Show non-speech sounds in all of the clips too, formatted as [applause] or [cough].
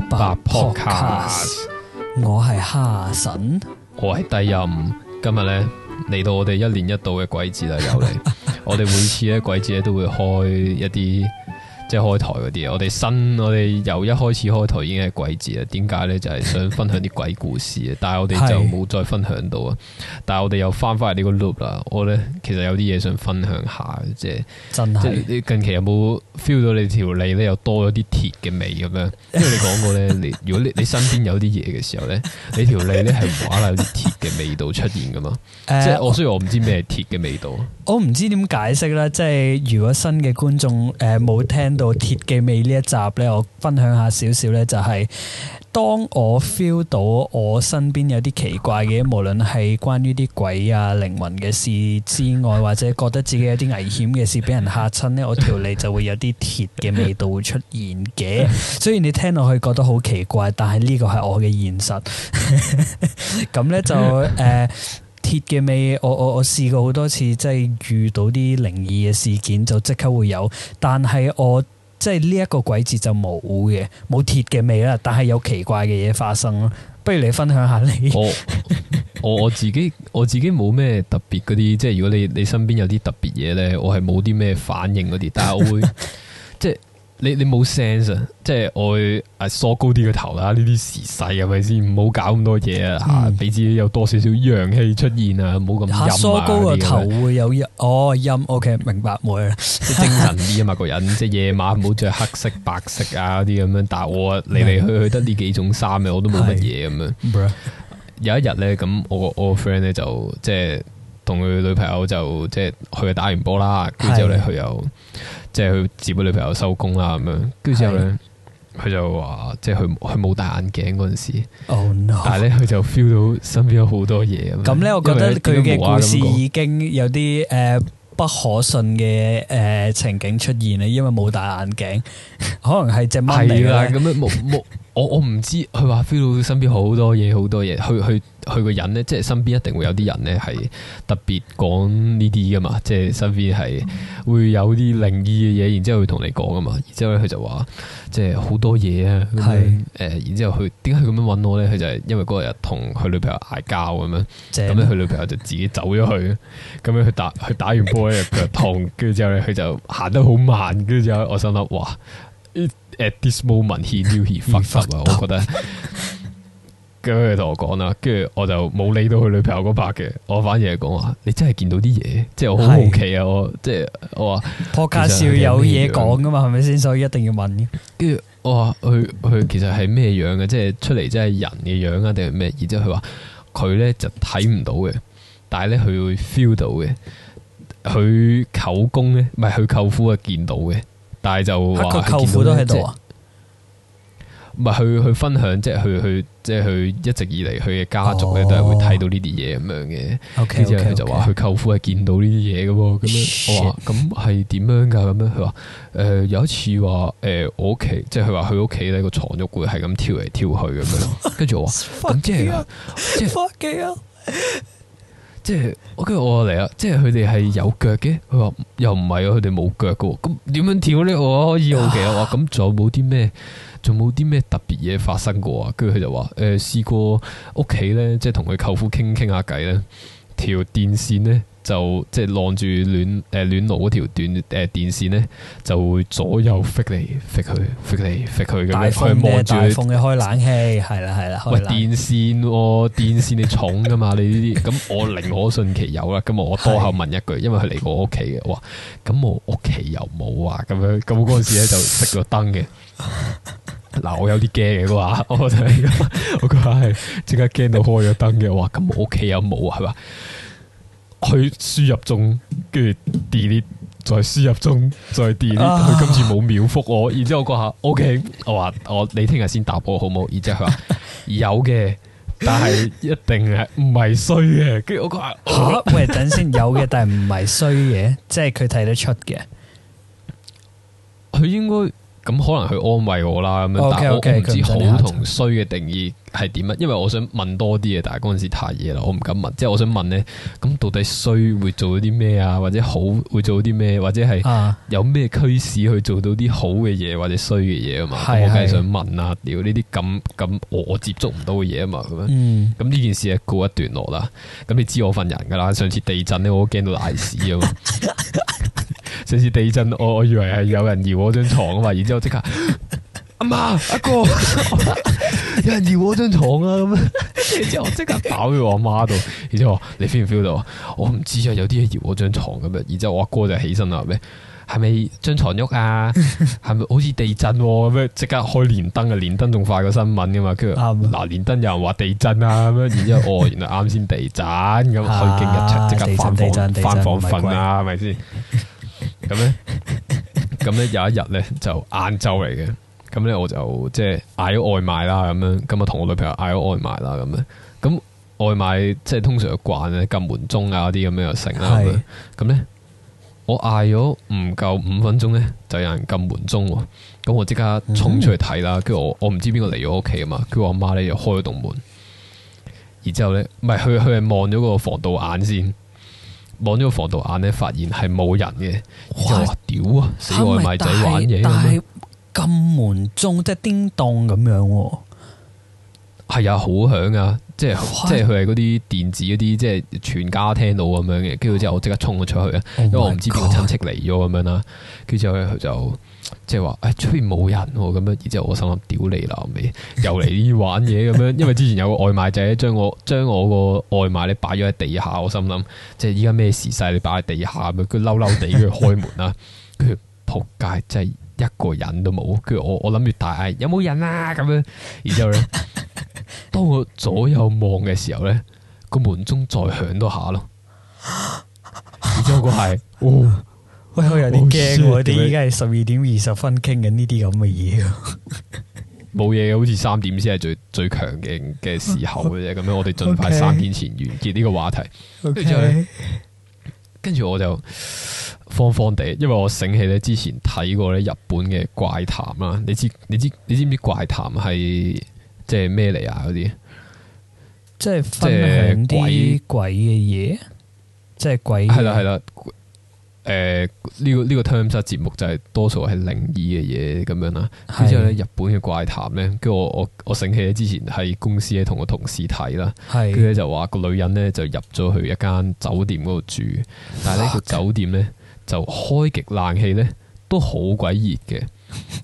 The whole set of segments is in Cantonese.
Podcast, 我係哈神，我係低音，今日咧嚟到我哋一年一度嘅鬼節嚟，由你， [laughs] 我哋每次咧鬼節咧都會開一啲。即係開台嗰啲啊，我哋新，我哋由一開始開台已經係鬼節啦。點解咧？就係、是、想分享啲鬼故事啊。但係我哋就冇再分享到啊。是但係我哋又返返嚟呢個 loop 啦。我咧其實有啲嘢想分享下，即係真係是。你近期有冇 feel 到你條脷咧又多咗啲鐵嘅味咁樣？因為你講過咧， [laughs] 你如果你你身邊有啲嘢嘅時候咧，你條脷咧係話啦，有啲鐵嘅味道出現噶嘛。即係我雖然我唔知咩鐵嘅味道。呃呃呃、我唔知點解釋咧。即係如果新嘅觀眾誒冇聽到。鐵嘅味呢一集呢，我分享下少少呢。就係當我 feel 到我身邊有啲奇怪嘅，無論係關於啲鬼啊、靈魂嘅事之外，或者覺得自己有啲危險嘅事俾人嚇親呢，我條脷就會有啲鐵嘅味道會出現嘅。雖然你聽落去覺得好奇怪，但係呢個係我嘅現實。咁 [laughs] 呢就誒。呃鐵嘅味，我我我試過好多次，即係遇到啲靈異嘅事件就即刻會有，但係我即係呢一個鬼節就冇嘅，冇鐵嘅味啦，但係有奇怪嘅嘢發生咯。不如你分享下你我，我我自己我自己冇咩特別嗰啲， [laughs] 即係如果你你身邊有啲特別嘢呢，我係冇啲咩反應嗰啲，但係我會。 [laughs] 你你冇 sense 啊！即、就、係、是、我會梳高啲個頭啦，呢啲時勢係咪先？唔好搞咁多嘢、嗯、啊！嚇，俾自己有多少少陽氣出現啊！唔好咁陰梳高個頭會有陰、啊、哦陰。OK，明白冇啦。即係精神啲啊嘛個人， [laughs] 嗎即係夜晚唔好着黑色、白色啊啲咁樣。但係我嚟嚟去 [laughs] 去得呢幾種衫嘅，我都冇乜嘢咁樣。的啊、有一日咧，咁我我 friend 咧就即係同佢女朋友就即係去打完波啦，跟住之後咧佢又。 [laughs] 即係佢接佢女朋友收工啦咁樣，跟住之後咧，佢就話，即係佢佢冇戴眼鏡嗰陣時，oh, no. 但係咧佢就 feel 到身邊有好多嘢咁。咁咧，我覺得佢嘅故事已經有啲誒不可信嘅誒情景出現啦，因為冇戴眼鏡，可能係隻蚊嚟啦咁樣冇冇。 [laughs] 我我唔知佢話 feel 身邊好多嘢、好多嘢，佢佢佢個人咧，即係身邊一定會有啲人咧係特別講呢啲噶嘛，即係身邊係會有啲靈異嘅嘢，然之後會同你講噶嘛。然之後咧佢就話即係好多嘢啊，係誒是、呃，然之後佢點解佢咁樣揾我咧？佢就係因為嗰日同佢女朋友嗌交咁樣，咁咧佢女朋友就自己走咗去，咁樣佢打佢打完波腳痛，跟住之後咧佢就行得好慢，跟住之後我心諗哇。At this moment he knew he fucked up，我覺得，跟住佢同我講啦，跟住我就冇理到佢女朋友嗰 part 嘅，我反而係講話你真係見到啲嘢，即係我好好奇啊，是我即係我話，podcast 少有嘢講噶嘛，係咪先？所以一定要問。跟住我話佢佢其實係咩樣嘅？ [laughs] 即係出嚟真係人嘅樣啊，定係咩？然之後佢話佢咧就睇唔到嘅，但係咧佢會 feel 到嘅。佢舅公咧，唔係佢舅父啊，見到嘅。但係就話佢舅父都喺度即係，唔係去去分享，即係去去即係去一直以嚟，佢嘅家族咧都係會睇到呢啲嘢咁樣嘅。之、oh. okay, okay, okay. 後佢就話佢舅父係見到呢啲嘢咁，咁 Shit. 樣，我話咁係點樣噶？咁樣佢話誒有一次話誒、呃、我、就是、他他屋企，即係佢話佢屋企咧個床褥會係咁跳嚟跳去咁樣。跟住我話咁即係即即係，我跟住我嚟啊！即係佢哋係有腳嘅，佢話又唔係啊！佢哋冇腳㗎，咁點樣跳呢？我可以好奇啊！話咁仲有冇啲咩？仲有冇啲咩特別嘢發生過啊？跟住佢就話誒，試過屋企咧，即係同佢舅父傾傾下偈咧，條電線咧。就即係晾住暖誒暖爐嗰條短誒，呃、電線咧，就會左右揈嚟揈去揈嚟揈去咁望住。大風嘅開冷氣，係啦，係啦。喂，電線哦，電線你重噶嘛？你呢啲咁， [laughs] 我寧可信其有啦。咁我多口問一句，因為佢嚟過我屋企嘅。哇，咁我屋企又冇啊？咁樣咁嗰陣時咧就熄咗燈嘅。嗱， [laughs] 我有啲驚嘅，我話、就係、 [laughs] 我真、就、係、是、我嗰下係即刻驚到開咗燈嘅。哇，咁我屋企有冇啊？係嘛。嗯嗯嗯嗯佢輸入中，跟住 delete，再輸入中，再 delete。佢今次、啊、冇秒覆我， [laughs] 然之後我下 OK 我話我你聽日先答我好冇？然之後佢話 [laughs] 有嘅，但係一定係唔係衰嘅。跟住我話，好啦，喂，等先，有嘅，但係唔係衰嘅，即係佢睇得出嘅。佢應該。咁可能佢安慰我啦，咁樣，但 okay, okay，我唔知好同衰嘅定義係點啊？因為我想問多啲嘢，但係嗰陣時太夜啦，我唔敢問。即係我想問咧，咁到底衰會做啲咩啊？或者好會做啲咩？或者係有咩驅使去做到啲好嘅嘢或者衰嘅嘢啊？是是嘛，我梗係想問啊，屌呢啲咁咁我接觸唔到嘅嘢啊嘛，咁樣。咁呢件事係告一段落啦。咁你知我份人噶啦，上次地震咧，我都驚到瀨屎啊！上次地震，我以為係有人搖我張床啊嘛，然之後即刻阿媽阿哥有人搖我張床啊咁，然之後，後我即刻跑去我媽度，然之後你 feel 唔 feel 到？我唔知啊，有啲嘢搖我張床咁樣，然之後我阿哥就起身啦，咩？係咪張床喐啊？係咪好似地震咁，啊，樣？即刻開連登，連登對啊！連登仲快過新聞噶嘛？跟住嗱連登有人話地震啊咁樣，然之後我，哦，原來啱先地震咁，去驚一齊即刻翻房翻房瞓啊？係咪先？ [laughs] 咁咧，咁咧 [laughs] 有一日咧就晏晝嚟嘅，咁咧我就即係嗌咗外賣啦，咁樣咁啊同我女朋友嗌咗外賣啦，咁樣咁外賣即係通常慣咧撳門鐘啊啲咁樣又成啦，咁咧我嗌咗唔夠五分鐘咧就有人撳門鐘，咁我即刻衝出去睇啦，跟住、嗯、哼我我唔知邊個嚟咗屋企啊嘛，跟住我阿媽咧又開咗道門，然之後咧唔係佢，佢係望咗個防盜眼先。望咗個防盜眼咧，發現係冇人嘅，哇就屌啊！死外賣仔玩嘢咁樣。但係咁門鐘即係叮當咁樣，係啊，好響啊！即係哇即係佢係嗰啲電子嗰啲，即係全家聽到咁樣嘅。跟住之後我即刻衝咗出去，啊、哦，因為我唔知邊個親戚嚟咗咁樣啦。跟住之後咧佢就。即係話，誒、欸，出邊冇人咁樣，然之後我心諗屌你老味又嚟呢玩嘢咁樣，因為之前有個外賣仔將我將我個外賣咧擺咗喺地下，我心諗，即係依家咩時勢你擺喺地下咁樣。佢嬲嬲地去開門啦，跟住仆街，真係一個人都冇，跟住我我諗住大嗌，有冇人啊咁樣，然之後咧，當我左右望嘅時候咧，個門鐘再響多下咯，然之後個係，哦喂，我有啲驚喎，我哋而家係十二點二十分傾緊呢啲咁嘅嘢，冇嘢嘅，好似三點先係最最強勁嘅時候嘅啫。咁樣我哋盡快三點前完結呢個話題。跟住，跟住我就慌慌地，因為我醒起咧之前睇過咧日本嘅怪談啦。你知你知你知唔知怪談係即係咩嚟啊？嗰啲即係分享啲鬼嘅嘢，即係鬼係啦係啦。誒，呢、呃這個呢、這個 t i 節目就係多數係靈異嘅嘢咁樣啦。之的後咧日本嘅怪談咧，跟住我我我醒起之前喺公司咧同個同事睇啦。係的，跟住咧就話個女人咧就入咗去一間酒店嗰度住，但係呢個 [laughs] 酒店咧就開極冷氣咧都好鬼熱嘅。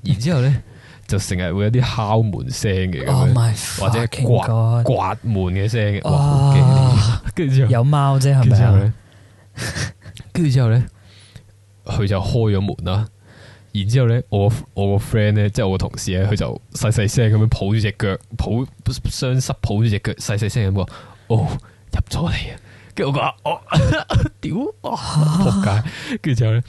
然之後咧 [laughs] 就成日會有啲敲門聲嘅， [laughs] [laughs] 或者刮 God 刮門嘅聲嘅。哇，跟住之後 [laughs] 有貓啫係咪？跟住之後咧。然然然然然佢就開咗門啦，然之後咧，我我個 friend 咧，即係我個同事咧，佢就細細聲咁樣抱住隻腳，抱雙膝抱住隻腳，細細聲咁話：哦、oh，入咗嚟啊！跟住我話：哦，屌，仆街！跟住之後咧，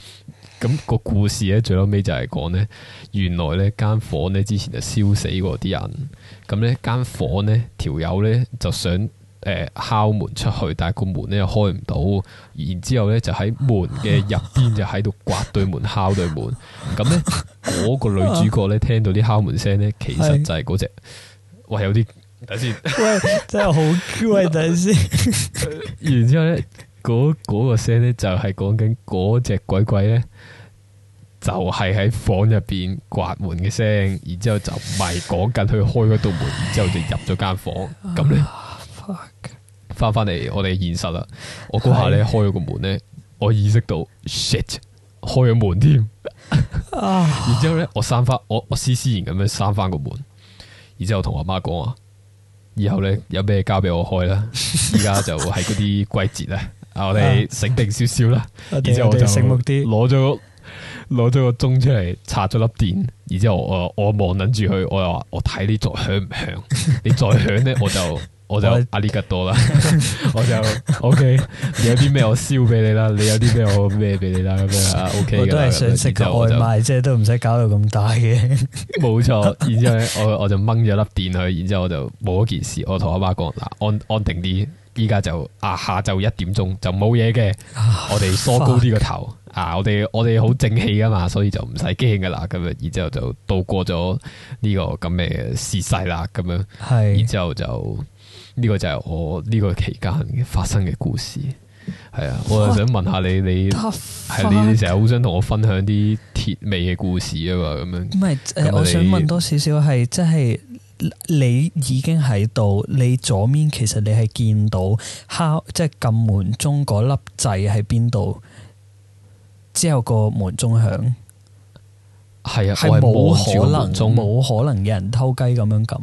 咁個故事咧，最後尾就係講咧，原來咧間房咧之前就燒死過啲、這個、人，咁咧間房咧條友咧就想。誒，敲門出去，但係個門咧又開唔到，然之後咧就喺門嘅入邊就喺度刮對門敲對門，咁咧嗰個女主角咧聽到啲敲門聲咧，其實就係嗰隻，喂有啲，等先，喂真係好怪，等先、 [laughs] 那個。然之後咧，嗰嗰個聲咧就係講緊嗰隻鬼鬼咧，就係喺房入邊刮門嘅聲，然之後就唔係講緊去開嗰道門，然之後就入咗間房間，咁咧。翻翻嚟，我哋現實啦。我嗰下咧開咗個門咧，的我意識到，shit，開咗門添。 [laughs] 然之後咧，我閂翻，我我斯斯然咁樣閂翻個門。然之後同阿媽講啊，以後咧有咩交俾我開啦。依家就係嗰啲季節啊， [laughs] 我哋醒定少少啦。然之後我就醒目啲，攞咗攞咗個鐘出嚟，拆咗粒電。然之後我我望諗住佢，我又話我睇你再響唔響？你再響咧，我就。 [laughs] 我就阿呢吉多啦，我就 O K。有啲咩我燒俾你啦，你有啲咩我咩俾你啦咁樣 O K。都係想食外賣啫，都唔使搞到咁大嘅。冇錯，然之後咧我我就掹咗粒電去，然之後我就冇咗件事。我同阿媽講嗱，安安定啲，依家就啊下晝一點鐘就冇嘢嘅。我哋梳高啲個頭、oh, fuck. 啊，我哋我哋好正氣噶嘛，所以就唔使驚噶啦。咁樣，然之後就度過咗呢、這個咁嘅事勢啦。咁樣，係，然之後,後,後就。 [laughs] [laughs] 呢個就係我呢個期間發生嘅故事，係啊，我又想問下你，What? 你係 [noise] 你成日好想同我分享啲鐵味嘅故事啊嘛，咁樣。唔係，我想問多少少係，即係你已經喺度，你左面其實你係見到敲，即係撳門鐘嗰粒掣喺邊度，之後個門鐘響，係啊，係冇可能，冇可能有人偷雞咁樣撳。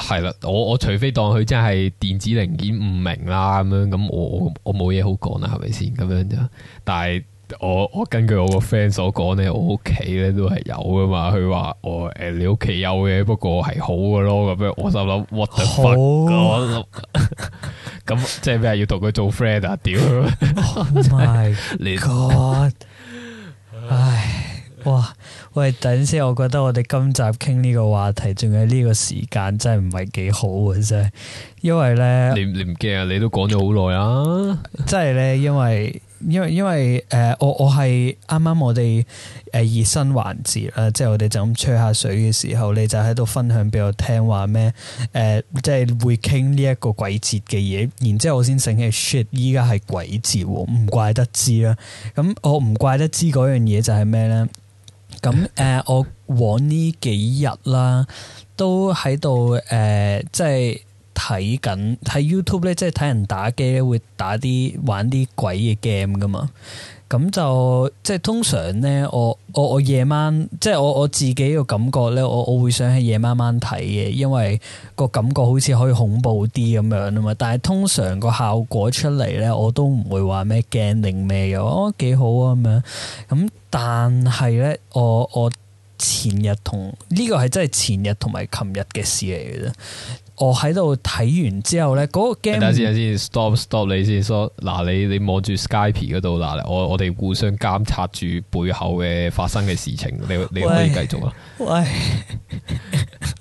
係啦，我我除非當佢真係電子零件唔明啦咁樣，咁我我冇嘢好講啦，係咪先咁樣就？但係我我根據我個 friend 所講咧，我屋企咧都係有噶嘛。佢話我誒，你屋企有嘅，不過係好噶咯咁樣。我就諗 what the fuck 咁，即係咩要同佢做 friend 啊？屌，真係你，唉。哇！喂，等先，我覺得我哋今集傾呢個話題，仲有呢個時間真係唔係幾好啊，真係，因為咧，你你唔驚啊？你都講咗好耐啦，即係咧，因為因為因為誒，我我係啱啱我哋誒熱身環節啦，即係我哋就咁吹下水嘅時候，你就喺度分享俾我聽話咩？誒、呃，即係會傾呢一個鬼節嘅嘢，然之後我先醒起 shit，依家係鬼節，唔怪得知啦。咁我唔怪得知嗰樣嘢就係咩咧？咁誒，嗯嗯，我往呢幾日啦，都喺度誒，即係睇緊睇 YouTube 咧，YouTube 即係睇人打機咧，會打啲玩啲鬼嘅 game 噶嘛。咁就即係通常咧，我我我夜晚即係我我自己個感覺咧，我我會想喺夜晚晚睇嘅，因為個感覺好似可以恐怖啲咁樣啊嘛。但係通常個效果出嚟咧，我都唔會話咩驚定咩嘅，哦幾好啊咁樣。咁但係咧，我我前日同呢、這個係真係前日同埋琴日嘅事嚟嘅啫。我喺度睇完之後咧，嗰、那個 game 等下 stop, stop 先，先 stop，stop 你先，嗱，你你望住 Skype 嗰度，嗱，我我哋互相監察住背後嘅發生嘅事情，你你可以繼續啊。喂，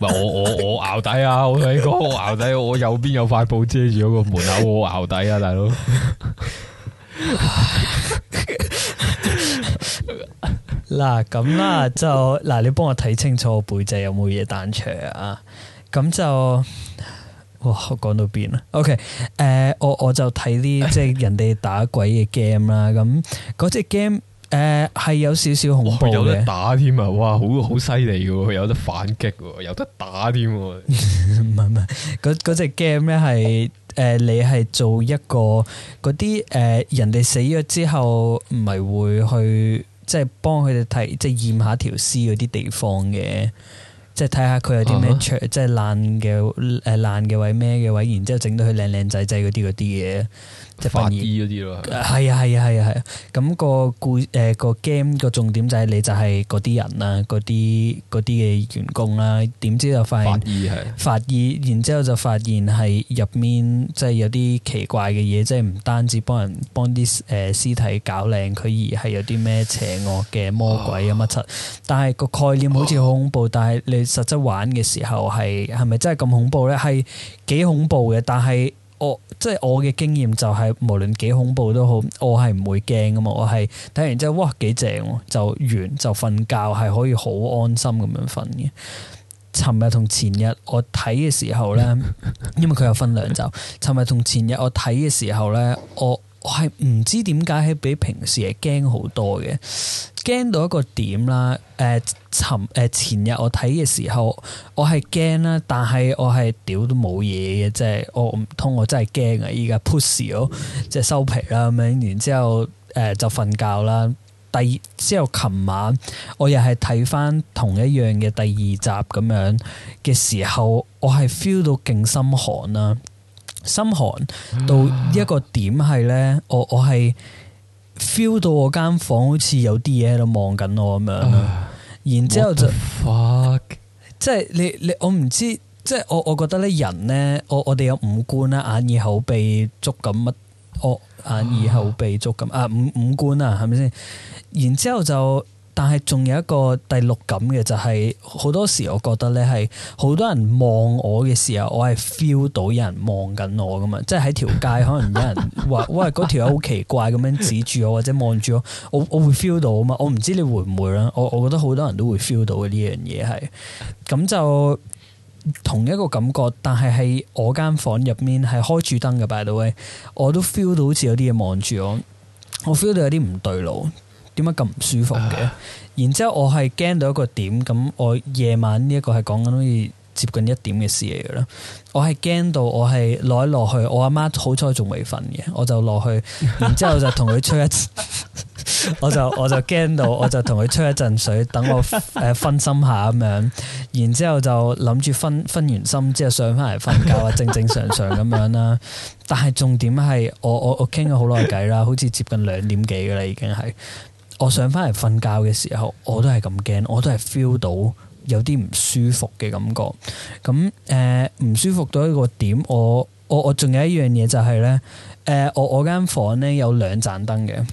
我我 [laughs] 我淆底啊！我睇過、啊，我淆底、啊，我右邊有塊布遮住嗰個門口，我淆底啊，大佬、 [laughs] 啊。嗱，咁啦，就嗱、啊，你幫我睇清楚我背脊有冇嘢彈出啊！咁就哇，講到邊啊？OK，誒、呃，我我就睇啲唉 即係人哋打鬼嘅 game 啦。咁嗰隻 game 誒，係有少少恐怖，有得打添啊！哇，好好犀利嘅，有得反擊，有得打添。唔係唔係，嗰嗰隻 game 咧係誒，你係做一個嗰啲誒人哋死咗之後，唔係會去即係幫佢哋睇即係驗下條屍嗰啲地方嘅。即係睇下佢有啲咩出，uh huh. 即係爛嘅誒爛嘅位，咩嘅位，然之後整到佢靚靚仔仔嗰啲嗰啲嘢。即係法醫嗰啲咯係啊係啊係啊係啊！咁、啊啊啊啊個故、誒、呃個 game 個重點就係你就係嗰啲人啦，嗰啲嗰啲嘅員工啦，點知就發現法醫係法醫，然之後就發現係入面即係、就是、有啲奇怪嘅嘢，即係唔單止幫人幫啲誒屍體搞靚佢，而係有啲咩邪惡嘅魔鬼咁乜柒。哦、但係個概念好似好恐怖，哦、但係你實質玩嘅時候係係咪真係咁恐怖咧？係幾恐怖嘅，但係。我即係我嘅經驗就係、是、無論幾恐怖都好，我係唔會驚噶嘛，我係睇完之後，哇幾正、啊，就完就瞓覺係可以好安心咁樣瞓嘅。尋日同前日我睇嘅時候咧，因為佢有分兩集，尋日同前日我睇嘅時候咧，我。我係唔知點解係比平時係驚好多嘅，驚到一個點啦。誒、呃，尋誒前日我睇嘅時候，我係驚啦，但係我係屌都冇嘢嘅，即係我唔通我真係驚啊！依家 push 咗，即係收皮啦咁樣，然後、呃、之後誒就瞓覺啦。第二之後琴晚我又係睇翻同一樣嘅第二集咁樣嘅時候，我係 feel 到勁心寒啦。心寒到一個點係咧、嗯，我我係 feel 到我間房好似有啲嘢喺度望緊我咁樣，呃、然之後就 fuck，即係你你我唔知，即係我我覺得咧人咧，我我哋有五官啦，眼耳口鼻足咁乜，我眼耳口鼻足咁啊，五五官啊，係咪先？然之後就。.但係仲有一個第六感嘅，就係、是、好多時，我覺得咧係好多人望我嘅時候，我係 feel 到有人望緊我㗎嘛。即係喺條街，可能有人話：喂，嗰條友好奇怪咁樣指住我或者望住我，我我會 feel 到啊嘛！我唔知你會唔會啦。我我覺得好多人都會 feel 到嘅呢樣嘢係咁就同一個感覺。但係喺我間房入面係開住燈嘅，by the way，我都 feel 到好似有啲嘢望住我，我 feel 到有啲唔對路。點解咁唔舒服嘅？然之後我係驚到一個點，咁我夜晚呢一個係講緊好似接近一點嘅事嚟嘅啦。我係驚到我係落一落去，我阿媽好彩仲未瞓嘅，我就落去，然之後就同佢吹一， [laughs] [laughs] 我就我就驚到，我就同佢吹一陣水，等我誒分心下咁樣。然之後就諗住分分完心之後上翻嚟瞓覺啊，正正常常咁樣啦。但係重點係我我我傾咗好耐偈啦，好似接近兩點幾噶啦，已經係。我上翻嚟瞓覺嘅時候，我都係咁驚，我都係 feel 到有啲唔舒服嘅感覺。咁誒唔舒服到一個點，我我我仲有一樣嘢就係、是、咧，誒、呃、我我間房咧有兩盞燈嘅。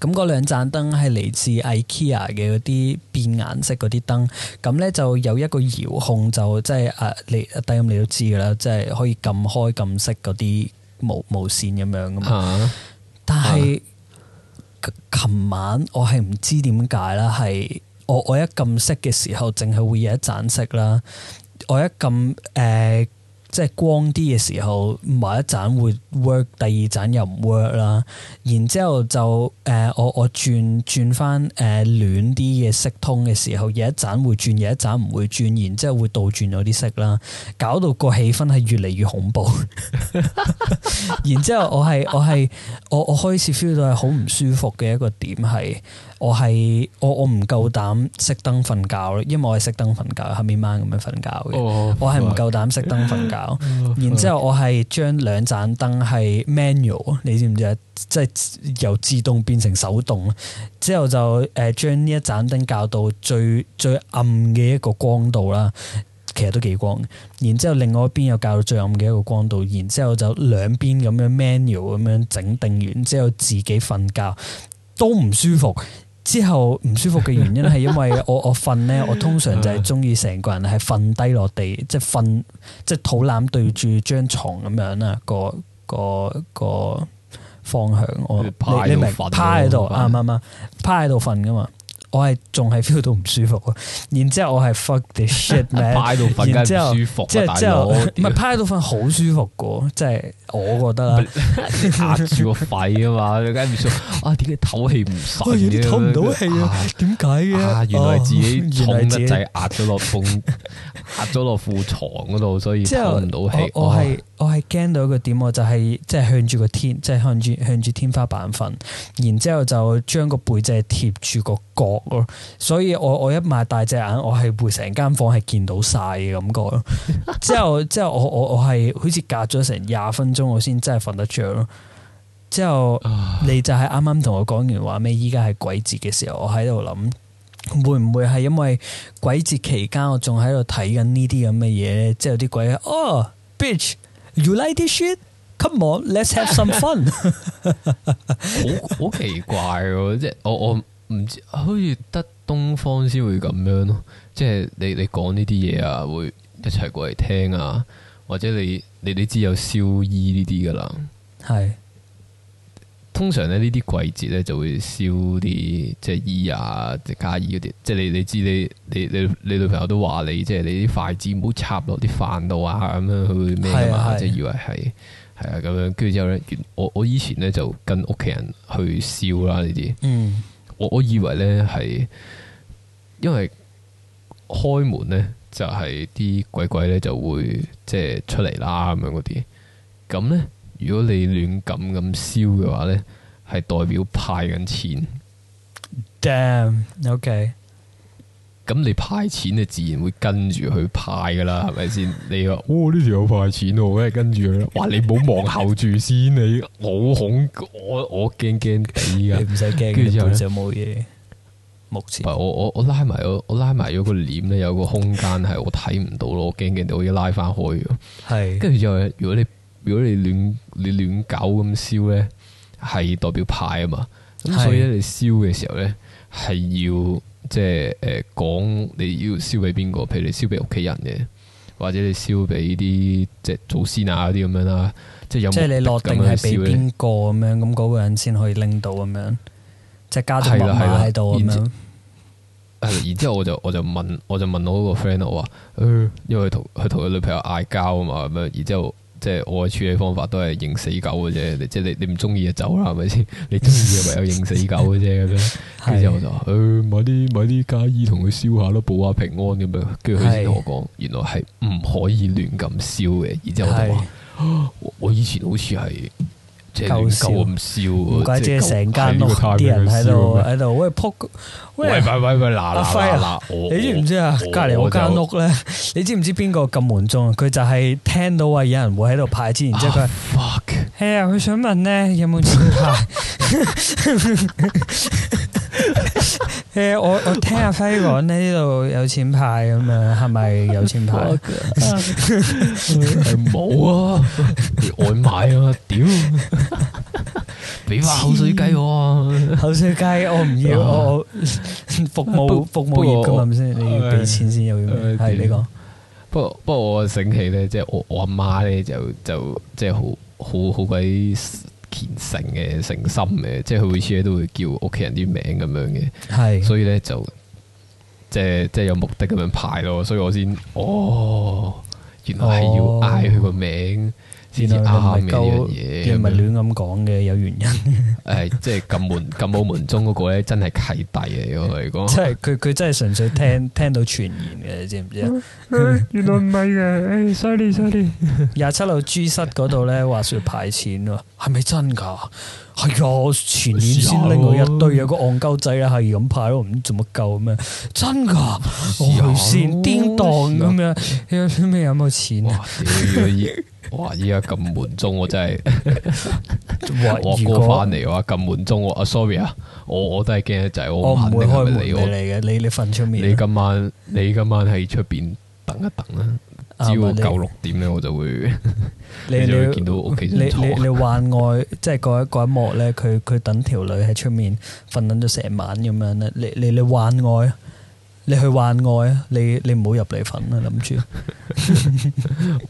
咁嗰兩盞燈係嚟自 IKEA 嘅嗰啲變顏色嗰啲燈。咁咧就有一個遙控，就即、是、係啊，你啊低音你都知噶啦，即、就、係、是、可以撳開撳熄嗰啲無無線咁樣噶嘛。啊、但係是。啊琴晚我係唔知點解啦，係我我一撳熄嘅時候，淨係會有一盞熄啦，我一撳誒。呃即係光啲嘅時候，某一盞會 work，第二盞又唔 work 啦。然之後就誒、呃，我我轉轉翻誒、呃、暖啲嘅色通嘅時候，有一盞會轉，有一盞唔會轉，然之後會倒轉咗啲色啦，搞到個氣氛係越嚟越恐怖。 [laughs] 然之後我係我係我我開始 feel 到係好唔舒服嘅一個點係。我係、哦、我我唔夠膽熄燈瞓覺因為我係熄燈瞓覺，後面晚咁樣瞓覺嘅。哦 oh, 我係唔夠膽熄燈瞓覺，啊、然之後我係將兩盞燈係 manual，你知唔知啊？即係由自動變成手動，之後就誒將呢一盞燈校到最最暗嘅一個光度啦，其實都幾光。然之後另外一邊又校到最暗嘅一個光度，然之後就兩邊咁樣 manual 咁樣整定完之後自己瞓覺都唔舒服。之後唔舒服嘅原因係因為我 [laughs] 我瞓咧，我通常就係中意成個人係瞓低落地，即係瞓即係肚腩對住張床咁樣啦，個個個方向我你，你，你明，趴喺度啊嘛嘛趴喺度瞓㗎嘛。我係仲係 feel 到唔舒服 shit，啊，然之後我係 fuck this shit，然之後，然之後，即係之後，唔係趴到瞓好舒服噶，即係 [laughs] 我覺得啦，壓住個肺啊嘛，你梗係唔舒服 [laughs] 啊？點解透氣唔順嘅？唞唔到氣啊？點解嘅？原來自己重得滯，壓咗落肚，壓咗落褲床嗰度，所以唞唔到氣。我係。我我係驚到一個點，我就係即係向住個天，即係向住向住天花板瞓，然之後就將個背脊貼住個角咯。所以我，我我一擘大隻眼，我係會成間房係見到晒嘅感覺。之後之後我我我係好似隔咗成廿分鐘，我先真係瞓得着咯。之後， [laughs] 你就係啱啱同我講完話咩？依家係鬼節嘅時候，我喺度諗，會唔會係因為鬼節期間我，我仲喺度睇緊呢啲咁嘅嘢？即係啲鬼哦，bitch！You like this shit？Come on，let's have some fun [laughs] 好。好好奇怪喎、哦，即係我我唔知好似得東方先會咁樣咯，即係你你講呢啲嘢啊，會一齊過嚟聽啊，或者你你都知有燒衣呢啲噶啦，係。通常咧呢啲季節咧就會燒啲即係衣啊，即係加衣嗰啲。即係你你知你你你你女朋友都話你，即係你啲筷子唔好插落啲飯度啊，咁樣佢會咩啊嘛？是的 即係以為係係啊咁樣。跟住之後咧，我我以前咧就跟屋企人去燒啦呢啲。嗯我，我我以為咧係因為開門咧就係啲鬼鬼咧就會即係出嚟啦咁樣嗰啲。咁咧。如果你亂咁咁燒嘅話咧，係代表派緊錢。Damn，OK okay.。咁你派錢，你自然會跟住去派噶啦，係咪先？你話，哇呢條有派錢喎，哦，梗係跟住佢啦。哇， [laughs] wow, 你冇望後住先， [laughs] 你好恐，我我驚驚。依家你唔使驚，跟住之後就冇嘢。目前，我我我拉埋我拉埋咗個簾咧，有個空間係我睇唔到咯， [laughs] 我驚驚到我要拉翻開咯。係的，跟住之後如果你。如果你亂你亂搞咁燒咧，係代表派啊嘛。咁的所以咧，你燒嘅時候咧，係要即係誒講你要燒俾邊個？譬如你燒俾屋企人嘅，或者你燒俾啲即係祖先啊嗰啲咁樣啦。即係有即係你落定係俾邊個咁樣，咁嗰個人先可以拎到咁樣，即係家啲墨墨喺度咁樣。係啦，係啦。然之後 [laughs] 我就我就問我就問個朋友我個 friend 我話，因為佢同佢同佢女朋友嗌交啊嘛，咁樣，然之後。即係我嘅處理方法都係認死狗嘅啫，即係你你唔中意就走啦，係咪先？你中意唯有認死狗嘅啫咁樣。之後我就話：，誒，買啲買啲加衣同佢燒下啦，保下平安咁樣。跟住佢先同我講：原來係唔可以亂咁燒嘅。然之後我就話：我以前好似係亂咁燒，唔怪之係成間屋啲人喺度喺度喂撲。.喂喂喂，阿輝啊，你知唔知啊？隔籬我間屋咧，你知唔知邊個撳門鐘啊？佢就係聽到話有人會喺度派錢，即係佢。Fuck 啊，佢想問咧有冇錢派？誒，我我聽阿輝講咧呢度有錢派咁啊，係咪有錢派？冇啊，點外賣啊？屌！俾翻口水雞我，口水雞我唔要。 [laughs] 服務服務業咁先，嗎你要俾錢先又要係你講。不過不過我醒起咧，即係我我阿媽咧就就即係好好好鬼虔誠嘅誠心嘅，即係佢每次咧都會叫屋企人啲名咁樣嘅，係是所以咧就即係即係有目的咁樣排咯。所以我先哦，原來係要嗌佢個名。哦係咪搞嘢？唔係亂咁講嘅？有原因。誒，即係咁門咁冇門中嗰個咧，真係契弟嘅。我嚟講，即係佢佢真係純粹聽聽到傳言嘅，你知唔知啊？原來唔係嘅，誒，sorry sorry。廿七樓豬室嗰度咧，話說派錢啊，係咪真噶？係啊，我前年先拎我一堆有個戇鳩仔啦，係咁派咯，唔知做乜鳩咩？真噶，好先癲蕩咁樣，有咩有冇錢哇！依家咁門鐘，我真係，我哥翻嚟嘅話咁門鐘。啊，sorry 啊，我我都係驚一係我唔會開門。我嚟你我你瞓出面你。你今晚你今晚喺出邊等一等啦。朝九六點咧，我就會你就 [laughs] 你見到你。你你你幻愛，即係嗰一嗰一幕咧，佢佢等條女喺出面瞓緊咗成晚咁樣咧，你你你,你幻愛。你去幻愛啊！你你唔好入嚟瞓啊！諗住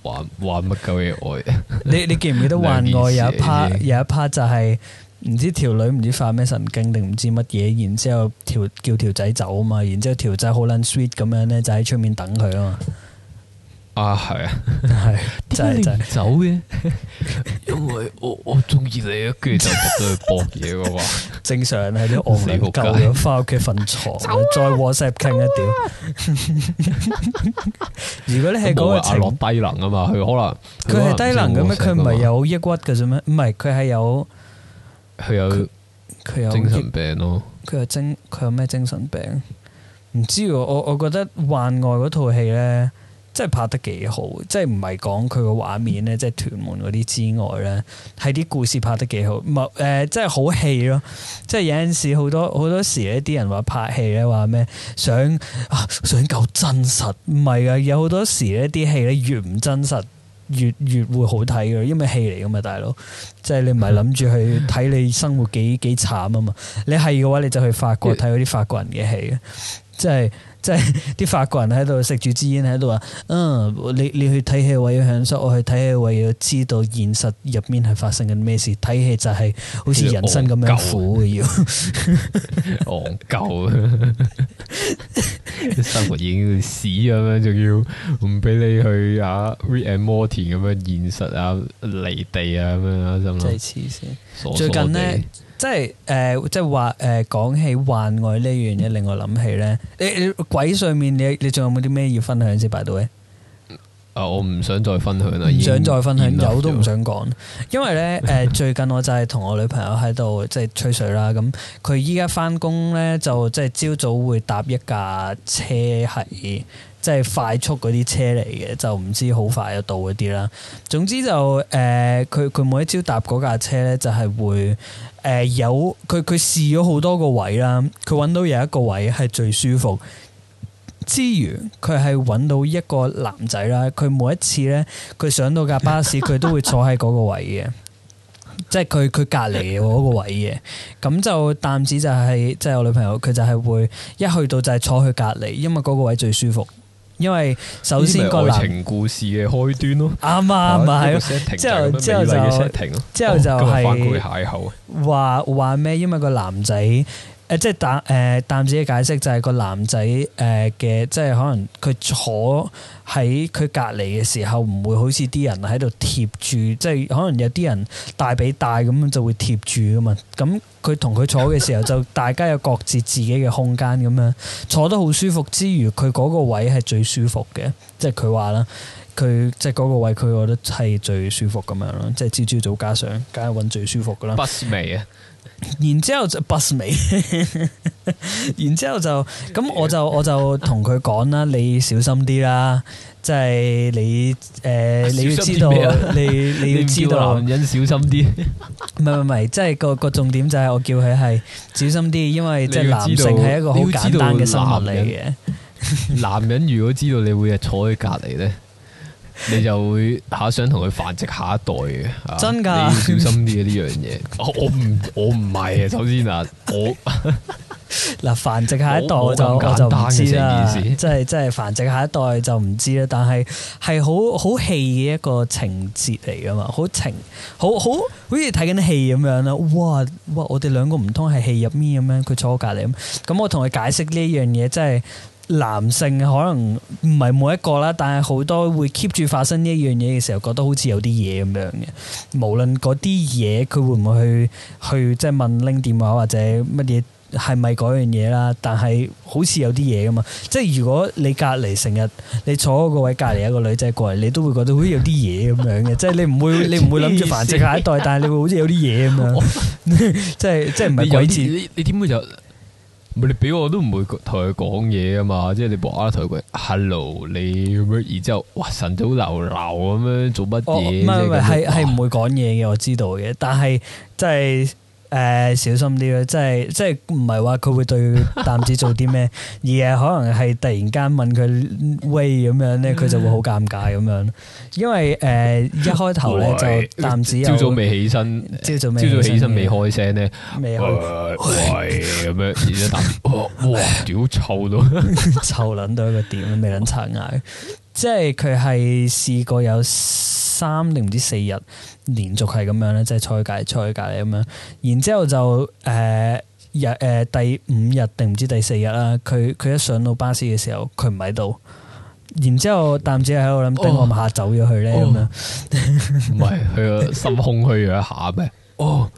幻幻乜鳩嘢愛啊！你 [laughs] [laughs] [laughs] 你，你記唔記得幻愛，愛有一 part 有一 part 就係、是、唔知條女唔知發咩神經定唔知乜嘢，然之後條叫條仔走啊嘛，然之後條仔好撚 sweet 咁樣咧，就喺出面等佢啊嘛。啊，係啊，係， [laughs] 點解唔走嘅？因為我我中意你啊，跟住就搏對搏嘢嘅嘛。 [laughs] 正常啊，啲我唔夠嘅，翻屋企瞓床，啊、再 WhatsApp 傾一點。啊、 [laughs] [laughs] 如果你係講個情阿低能啊嘛，佢可能佢係低能嘅咩？佢唔係有抑鬱嘅啫咩？唔係，佢係有佢有佢有精神病咯、哦。佢有，有，有精，佢有咩精神病？唔知啊，我我，我覺得《幻愛》嗰套戲咧。即係拍得幾好，即係唔係講佢個畫面咧，即係屯門嗰啲之外咧，係啲故事拍得幾好，冇、呃、誒，即係好戲咯。即係有陣時好多好多時咧，啲人話拍戲咧話咩想啊想夠真實，唔係噶，有好多時咧啲戲咧越唔真實越越會好睇噶，因為戲嚟噶嘛，大佬，即係你唔係諗住去睇你生活幾幾慘啊嘛，你係嘅話你就去法國睇嗰啲法國人嘅戲，即係。即係啲法國人喺度食住支煙喺度話，嗯，你你去睇戲為咗享受，我去睇戲為咗知道現實入面係發生緊咩事。睇戲就係好似人生咁樣苦嘅要，戇夠，生、嗯、活、嗯、已經屎咁樣，仲要唔俾你去啊？Rick and Morty 咁樣現實離啊，離地啊咁樣啊，真係黐線！最近呢。即係誒、呃，即係話誒，講、呃、起患愛呢樣嘢，令我諗起咧。你你，你鬼上面，你你仲有冇啲咩要分享先，擺到咧？啊，我唔想再分享啦，唔想再分享，經有都唔想講。 [laughs] 因為咧，誒、呃，最近我就係同我女朋友喺度即係吹水啦。咁佢依家返工咧，就即係朝早會搭一架車係，即係快速嗰啲車嚟嘅，就唔知好快就到嗰啲啦。總之就誒，佢、呃、佢每一朝搭嗰架車咧，就係、是、會誒、呃、有佢佢試咗好多個位啦，佢搵到有一個位係最舒服。之餘佢係搵到一個男仔啦，佢每一次咧，佢上到架巴士，佢都會坐喺嗰個位嘅，即係佢佢隔籬嗰個位嘅。咁就單止就係即係我女朋友，佢就係會一去到就係坐去隔籬，因為嗰個位最舒服。因為首先個愛情故事嘅開端咯，啱唔啱？係咯、啊，之後之後就之後、哦、就係個 setting，話話咩？因為個男仔。誒，即係蛋，誒擔自己嘅解釋就係個男仔誒嘅，即係可能佢坐喺佢隔離嘅時候，唔會好似啲人喺度貼住，即係可能有啲人大髀大咁樣就會貼住吖嘛。咁佢同佢坐嘅時候，就大家有各自自己嘅空間咁樣坐得好舒服之餘，佢嗰個位係最舒服嘅，即係佢話啦，佢即係嗰個位，佢覺得係最舒服咁樣咯。即係朝朝早加上，梗係揾最舒服噶啦。Busmate 啊！然之後就 bus mate， [laughs] 然之後就咁，我就我就同佢講啦，你小心啲啦，即係你誒，你要知道，你、 [laughs] 你要知道男人小心啲，唔係唔係，即係個個重點就係我叫佢係小心啲，因為即係男性係一個好簡單嘅生物嚟嘅，男人如果知道你會係坐喺隔籬咧。你就會下想同佢繁殖下一代嘅，真噶的，你要小心啲 [laughs] 啊！呢樣嘢，我唔我唔係啊。首先嗱，我嗱 [laughs] 繁殖下一代，我就我我就唔知啦。即係即係繁殖下一代就唔知啦。但係係好好戲嘅一個情節嚟噶嘛，好情好好好似睇緊啲戲咁樣啦。哇哇，我哋兩個唔通係戲入面咁樣，佢坐我隔籬咁，咁我同佢解釋呢樣嘢，真係。男性可能唔係每一個啦，但係好多會 keep 住發生呢一樣嘢嘅時候，覺得好似有啲嘢咁樣嘅。無論嗰啲嘢，佢會唔會去去即係問拎電話或者乜嘢係咪嗰樣嘢啦？但係好似有啲嘢噶嘛。即係如果你隔離成日，你坐嗰個位隔離一個女仔過嚟，你都會覺得好似有啲嘢咁樣嘅。即係 [laughs] 你唔會你唔會諗住繁殖下一代， [laughs] 但係你會好似有啲嘢咁樣。即係即係唔係鬼節？你點會就？你俾我，我都唔會同佢講嘢啊嘛，即係你播啦，同佢，hello，你，然之後，哇，晨早流流咁樣做乜嘢？唔係唔係，係係唔會講嘢嘅，我知道嘅，但係即係。誒、呃，小心啲咯，即係即係唔係話佢會對淡子做啲咩， [laughs] 而係可能係突然間問佢喂咁樣咧，佢就會好尷尬咁樣。因為誒、呃、一開頭咧就淡子朝喂早未起身，朝早朝早起身未開聲咧，未開咁樣而家淡子 [laughs] 哇屌臭到臭撚 [laughs] [laughs] 到一個點，未捻刷牙，即係佢係試過有三定唔知四日。連續係咁樣咧，即係坐隔籬坐隔籬咁樣，然之後就誒、呃、日誒、呃、第五日定唔知第四日啦，佢佢一上到巴士嘅時候，佢唔喺度，然之後擔子喺度諗，等我下走咗去咧咁樣，唔係佢個心空虛咗一下咩？哦。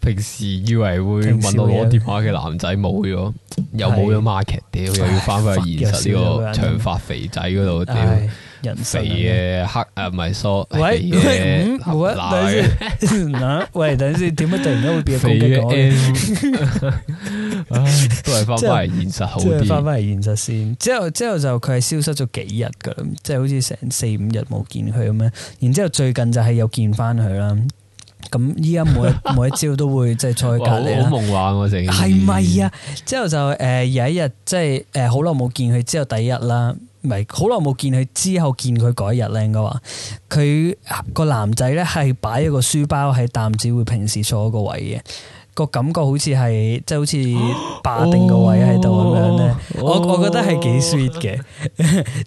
平時以為會問我攞電話嘅男仔冇咗，又冇咗 market，屌，又要翻翻去現實呢個長髮肥仔嗰度，肥嘅黑，誒唔係疏肥嘅黑佬，喂等陣先，點解突然間會變咁嘅？都係翻翻現實好啲，翻翻現實先。之後之後就佢係消失咗幾日噶啦，即係好似成四五日冇見佢咁樣。然之後最近就係又見翻佢啦。咁依家每每一朝 [laughs] 都會即係坐喺隔離啦，哇！好夢幻我成，係咪啊，啊？之後就誒有一日，即係誒好耐冇見佢之後第一日啦，唔係好耐冇見佢之後見佢嗰一日咧，應該話佢個男仔咧係擺咗個書包喺擔子會平時坐嗰個位嘅，個感覺好似係即係好似霸定個位喺度咁樣咧。哦哦、我我覺得係幾 sweet 嘅，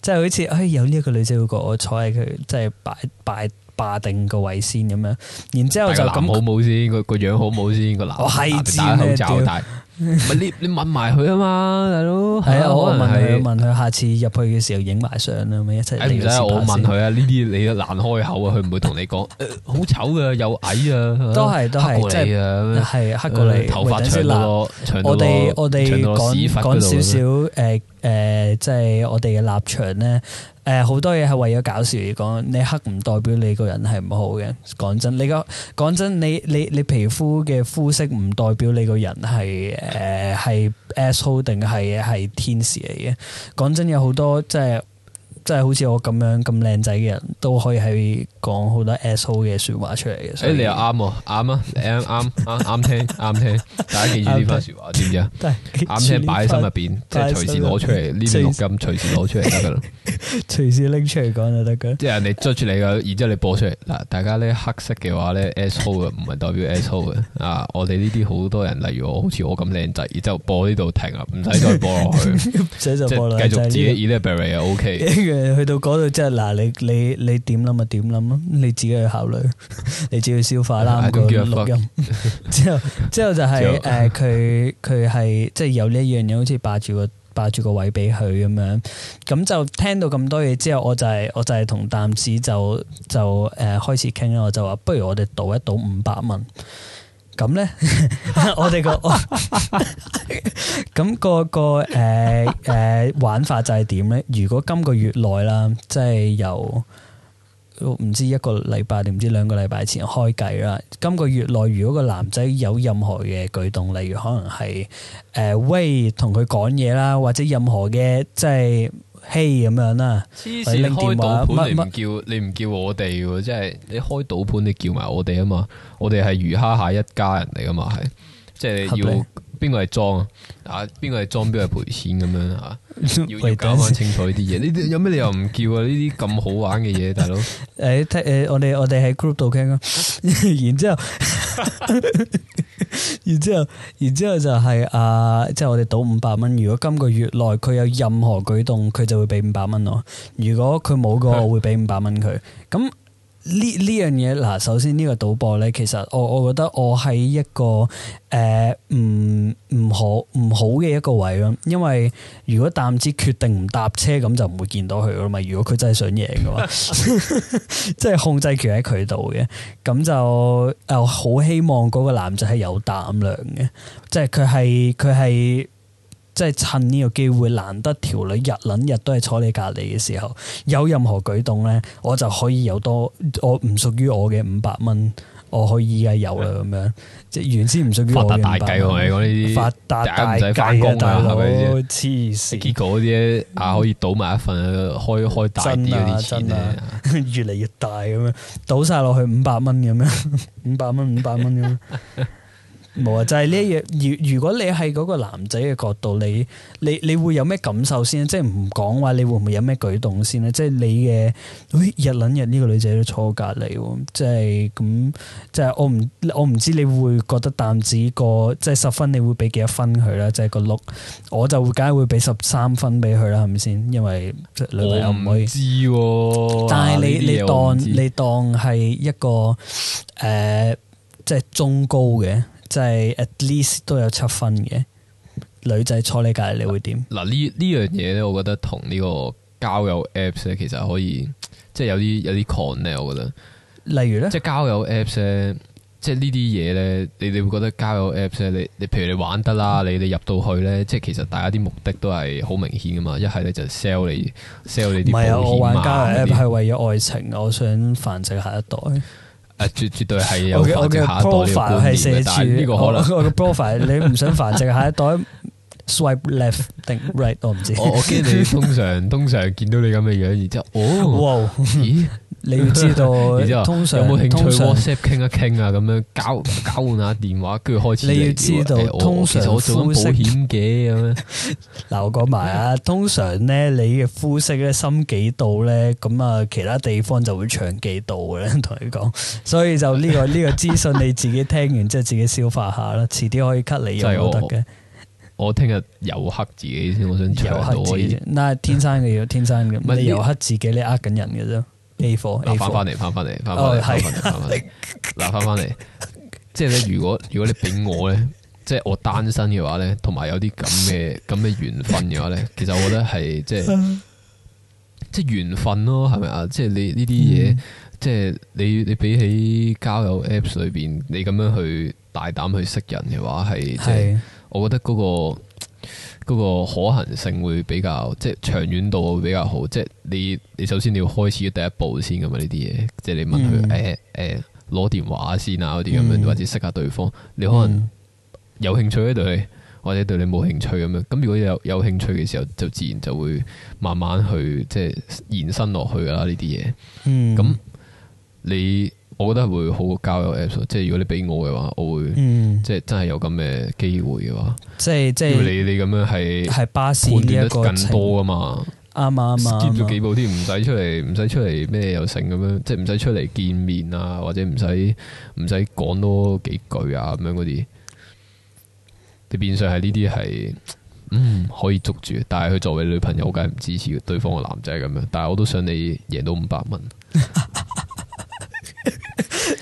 即係、哦、 [laughs] 好似誒、哎、有呢一個女仔喎，我坐喺佢即係擺擺。就是劃定個位先咁樣，然之後就咁，好唔好先？個個樣好唔好先？個男哦係戴口罩唔係，你你問埋佢啊嘛，大佬係啊，我可能問佢問佢，下次入去嘅時候影埋相啊，咪一齊嚟。唔使我問佢啊，呢啲你都難開口啊，佢唔會同你講。好醜噶，又矮啊，都係都係即係係黑過你頭髮長到長到長到長到長到長到長到長到長到長到長誒好、呃、多嘢係為咗搞笑而講，你黑唔代表你個人係唔好嘅。講真，你個講真，你你你皮膚嘅膚色唔代表你個人係誒係 asshole 定係係天使嚟嘅。講真，有好多即係。即係好似我咁樣咁靚仔嘅人都可以喺講好多 S O 嘅說話出嚟嘅，誒你又啱啊，啱啊，啱啱啱啱聽啱聽，大家記住呢番說話知唔知啊？啱聽擺喺心入邊，即係隨時攞出嚟，呢啲錄音隨時攞出嚟得噶啦，隨時拎出嚟講就得噶，即係人哋捉住你嘅，然之後你播出嚟嗱，大家呢黑色嘅話呢 S O 嘅唔係代表 S O 嘅啊，我哋呢啲好多人例如我好似我咁靚仔，然之後播呢度停啦，唔使再播落去，唔使就繼續自己 library 啊 O K。去到嗰度即係，嗱，你你你點諗就點諗咯，你自己去考慮，你自己消化啦個錄音。之後之後就係、是、誒，佢佢係即係有呢一樣嘢，好似霸住個霸住個位俾佢咁樣。咁就聽到咁多嘢之後，我就係我就係同淡子就就誒開始傾啦。我就話不如我哋賭一賭五百蚊。咁咧，呢 [laughs] 我哋個咁個個誒誒、呃呃、玩法就係點咧？如果今個月內啦，即係由唔知一個禮拜定唔知兩個禮拜前開計啦。今個月內，如果個男仔有任何嘅舉動，例如可能係誒、呃、喂，同佢講嘢啦，或者任何嘅即係。嘿、啊，咁樣啦！黐線、啊，你開賭盤你唔叫，麼你唔叫我哋喎、啊，即係你開賭盤，你叫埋我哋啊嘛，我哋係魚蝦蟹一家人嚟噶嘛，係即係你要邊個係裝啊？啊，邊個係裝，邊個係賠錢咁樣啊？要要搞翻清楚呢啲嘢，你有咩理由唔叫啊？呢啲咁好玩嘅嘢，大佬誒，誒，我哋我哋喺 group 度傾啊！然之後。 [laughs] 然之後，然之後就係、是、啊、呃，即係我哋賭五百蚊。如果今個月內佢有任何舉動，佢就會畀五百蚊我。如果佢冇個， [laughs] 我會畀五百蚊佢。咁。呢呢樣嘢嗱，首先呢個賭博咧，其實我我覺得我係一個誒唔唔可唔好嘅一個位咯，因為如果膽子決定唔搭車，咁就唔會見到佢噶嘛。如果佢真係想贏嘅話，即係 [laughs] [laughs] 控制權喺佢度嘅，咁就誒好希望嗰個男仔係有膽量嘅，即係佢係佢係。即係趁呢個機會，難得條女日諗日都係坐你隔籬嘅時候，有任何舉動咧，我就可以有多我唔屬於我嘅五百蚊，我可以依家有啦咁樣，即係原先唔屬於我嘅五百蚊，我呢啲發達大計啊，大佬黐線，結果啲啊、嗯、可以賭埋一份，開開大真嗰啲錢越嚟越大咁樣，賭晒落去五百蚊咁樣，五百蚊五百蚊咁樣。 [laughs] [laughs] 冇啊，就係呢一樣。如如果你係嗰個男仔嘅角度，你你你會有咩感受先？即係唔講嘅話，你會唔會有咩舉動先咧？即係你嘅，誒、哎，日捻日呢個女仔都坐我隔籬，即係咁，即係我唔我唔知你會覺得彈指過，即係十分你會俾幾多分佢啦？即係個碌，我就梗係會俾十三分俾佢啦，係咪先？因為女朋友唔可以知、啊，但係你你當你當係一個誒、呃，即係中高嘅。就係 at least 都有七分嘅女仔坐你隔籬，你會點？嗱呢呢樣嘢咧，我覺得同呢個交友 Apps 咧，其實可以即係有啲有啲 con 咧。我覺得，例如咧，即係交友 Apps 咧，即係呢啲嘢咧，你你會覺得交友 Apps 咧，你你譬如你玩得啦，嗯、你你入到去咧，即係其實大家啲目的，都係好明顯噶嘛。一係咧就 sell 你 sell 你啲保險啊。唔係啊，我玩交友 Apps 係些為咗愛情，我想繁殖下一代。啊！絕絕對係有繁殖下一代觀念嘅，但係呢個可能、哦、我嘅 profile 你唔想繁殖下一代 [laughs] swipe left 定 right，我唔知、哦。我我見你通常 [laughs] 通常見到你咁嘅樣，樣，然之後哦哇咦～你要知道，通常有冇興趣 WhatsApp 傾一傾啊？咁樣交交換下電話，跟住開始。你要知道，通常我做保險嘅，嗱我講埋啊，通常咧你嘅膚色咧深幾度咧，咁啊其他地方就會長幾度咧。同你講，所以就呢個呢個資訊你自己聽完之後，自己消化下啦，遲啲可以 cut 你又得嘅。我聽日油黑自己先，我想油黑自己。嗱，天生嘅嘢天生嘅，你油黑自己你呃緊人嘅啫。A 翻翻嚟，翻翻嚟，翻翻嚟，翻翻嚟，嗱翻翻嚟，即係咧。如果如果你俾我咧，即係 [laughs] 我單身嘅話咧，同埋有啲咁嘅咁嘅緣分嘅話咧，其實我覺得係即係即係緣分咯，係咪啊？ [laughs] 即係你呢啲嘢，mm. 即係你你比起交友 Apps 裏邊，你咁樣去大膽去識人嘅話，係即係，我覺得嗰、嗰個。嗰個可行性會比較，即係長遠度會比較好。即係你，你首先你要開始第一步先咁嘛，呢啲嘢。即係你問佢，誒誒、嗯欸，攞、欸、電話先啊，嗰啲咁樣，或者識下對方。你可能有興趣喺度，佢，嗯、或者對你冇興趣咁樣。咁如果有有興趣嘅時候，就自然就會慢慢去即係延伸落去㗎啦。呢啲嘢，咁、嗯、你。我覺得會好過交友 Apps 即係如果你俾我嘅話，我會，嗯、即係真係有咁嘅機會嘅話，即係即係你你咁樣係係巴士得更多啊嘛，啱啱 skip 咗幾步添，唔使出嚟，唔使出嚟咩又成咁樣，即係唔使出嚟見面啊，或者唔使唔使講多幾句啊咁樣嗰啲，你變相係呢啲係，可以捉住，但係佢作為女朋友，我梗係唔支持對方個男仔咁樣，但係我都想你贏到五百蚊。 [laughs]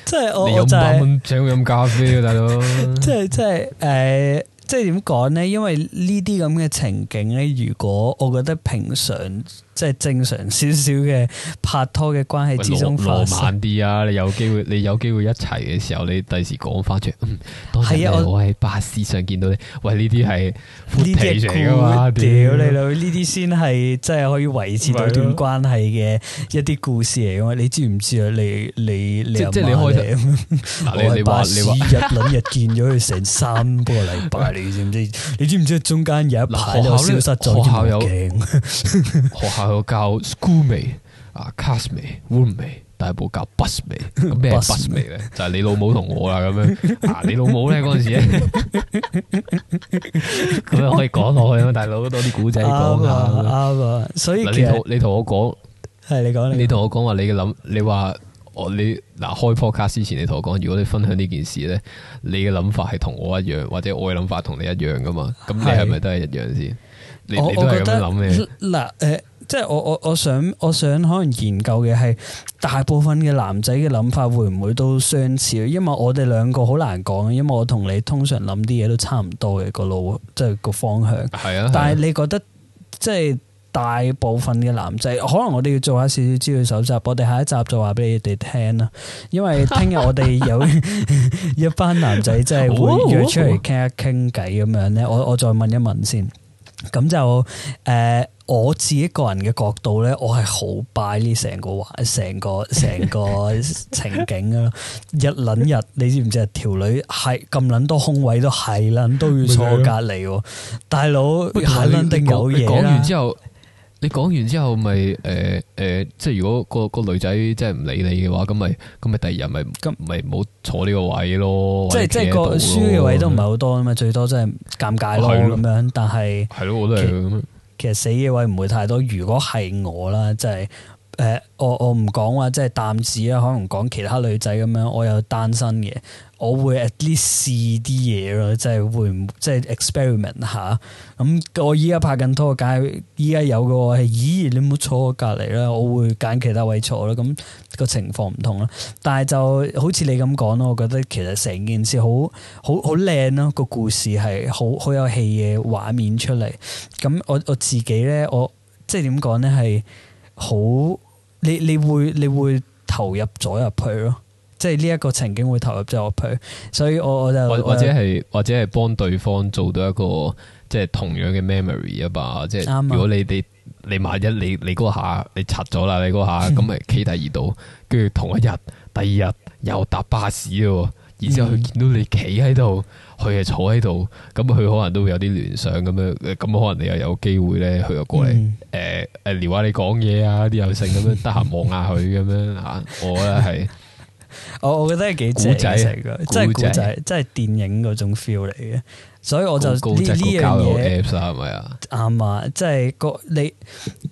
即係 [laughs] 我就係、你請飲咖啡啊，大佬！即係即係誒，即係點講咧？因為呢啲咁嘅情景咧，如果我覺得平常。即係正常少少嘅拍拖嘅關係之中，浪漫啲啊！你有機會，你有機會一齊嘅時候，你第時講翻出。係啊，我喺巴士上見到你。喂，呢啲係呢啲故事啊！屌你老，呢啲先係真係可以維持到段關係嘅一啲故事嚟噶？你知唔知啊？你你你阿媽即係你開鏡，我喺巴士日輪日見咗佢成三個禮拜，你知唔知？你知唔知中間有一排都消失咗？學校有，學校我教 schoolmate 啊 classmate roommate，但係部教 busmate。咩 busmate 咧？ [laughs] 就係你老母同我啦咁樣。 [laughs] 啊，你老母咧嗰陣時呢，咁 [laughs] [laughs] [laughs] 樣可以講落去啊，大佬多啲古仔講下。啱，所以其實你同我講係你講你，你，你，你，你，你，同我講話你嘅諗，你話我你嗱開 podcast 之前，你同我講，如果你分享呢件事咧，你嘅諗法係同我一樣，或者我嘅諗法同你一樣噶嘛？咁你係咪都係一樣先對？你我我覺得嗱誒。即係我我我想我想可能研究嘅係大部分嘅男仔嘅諗法會唔會都相似？因為我哋兩個好難講，因為我同你通常諗啲嘢都差唔多嘅個路，即係個方向。係啊，但係你覺得即係大部分嘅男仔，可能我哋要做下少少資料搜集，我哋下一集就話俾你哋聽啦。因為聽日我哋有 [laughs] [laughs] 一班男仔，即係會約出嚟傾一傾偈咁樣咧。哦哦哦我我再問一問先，咁就誒。呃我自己一個人嘅角度咧，我係好拜呢成個環、成個成個情景咯。日捻日，你知唔知啊？條女係咁捻多空位都係捻都要坐隔籬，大佬。肯定有嘢。講你、啊、完之後，你講完之後、就是，咪誒誒，即係如果個個女仔即係唔理你嘅話，咁咪咁咪第二日咪咁咪唔好坐呢個位咯。即係即係個輸嘅位都唔係好多啊嘛，嗯、最多真係尷尬咯咁是樣。但係係咯，我都係咁其實死嘅位唔會太多，如果係我啦，即係。誒、呃，我我唔講話，即係淡字啦，可能講其他女仔咁樣，我有單身嘅，我會 at least 試啲嘢咯，即係會即係 experiment 下。咁、嗯、我依家拍緊拖，梗係依家有嘅。咦，你唔好坐我隔籬啦，我會揀其他位坐啦。咁個情況唔同啦，但係就好似你咁講咯，我覺得其實成件事好好好靚咯，個故事係好好有戲嘅畫面出嚟。咁我我自己咧，我即係點講咧，係好。你你會你會投入咗入去咯，即係呢一個情景會投入咗入去，所以我我就或或者係有或者係幫對方做到一個即係同樣嘅 memory 啊吧，即係如果你對吧 你你萬一你你嗰下你拆咗啦，你嗰下咁咪企第二度，跟住 [laughs] 同一日第二日又搭巴士喎。然之後佢見到你企喺度，佢係坐喺度，咁佢可能都會有啲聯想咁樣，咁可能你又有機會咧，佢又過嚟，誒誒、嗯呃、聊下你講嘢啊啲有性咁樣，得閒望下佢咁樣啊，我咧係，我我覺得係幾故仔嚟嘅，係故仔 [laughs] 事，真係電影嗰種 feel 嚟嘅。所以我就呢呢樣嘢，係咪啊？啱啊，即係個你